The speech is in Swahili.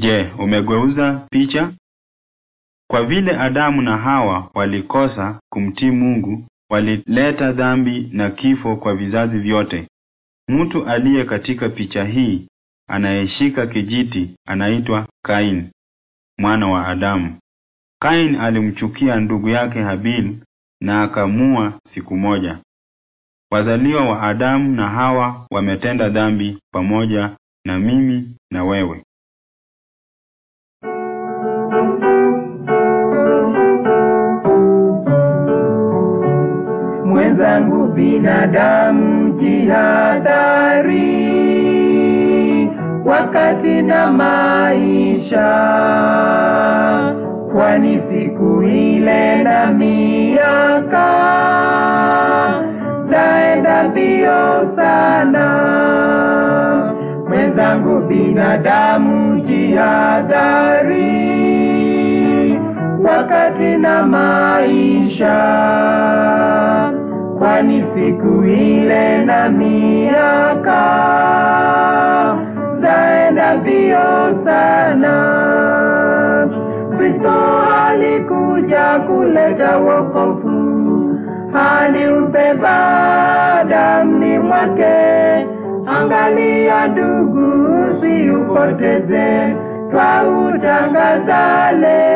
Je, umegeuza picha? Kwa vile Adamu na Hawa walikosa kumtii Mungu, walileta dhambi na kifo kwa vizazi vyote. Mtu aliye katika picha hii anayeshika kijiti anaitwa Kain, mwana wa Adamu. Kain alimchukia ndugu yake Habil na akamua siku moja. Wazaliwa wa Adamu na Hawa wametenda dhambi pamoja na mimi na wewe. mwenzangu binadamu jihadhari wakati na maisha kwani siku ile na miaka zaenda mbio sana mwenzangu binadamu jihadhari wakati na maisha siku ile na miaka zaenda vio sana. Kristo alikuja kuleta wokovu, aliubeba damni mwake. Angalia ndugu, usiupoteze, twautangaza